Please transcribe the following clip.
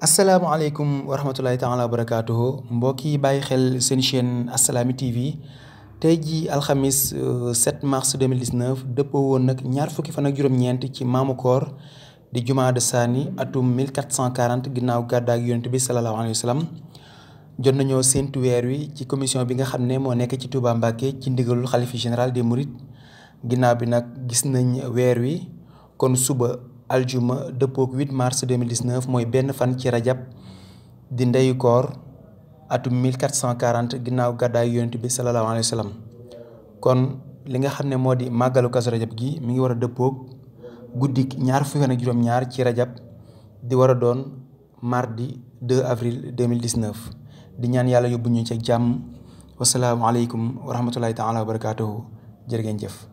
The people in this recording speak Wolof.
asalaamaaleykum wa rahmatulahi taala wa barakaatuhu mbokk yi bàyyi xel seen chaîne Assalaamy TV tey jii alxamis 7 euh, mars 2019 dëppoo woon nag ñaar fukki fan ak juróom-ñeent ci maamu koor di jumaa de saani atum 1440 ginnaaw gàddaak yonent bi salallaahu alayhi wa jot nañoo séentu weer wi ci commission bi nga xam ne moo nekk ci Touba Mbacké ci ndigalul xalifi général de Mourides ginnaaw bi nag gis nañ weer wi kon suba. aljuma dëppook 8 mars 2019 mooy benn fan ci rajab di ndeyu koor atum 1440 ginnaaw gàddaayu yonent bi salallaahu alayhi wa kon li nga xam ne moo di màggalu kazu rajab gi mi ngi war a dëppook guddi ñaar fukki fan ak juróom-ñaar ci rajab di war a doon mardi 2 avril 2019 di ñaan yàlla yóbbu ñu ci jàmm wasalaamualeykum wa rahmatullahi taala wa barakaatuhu jërë jëf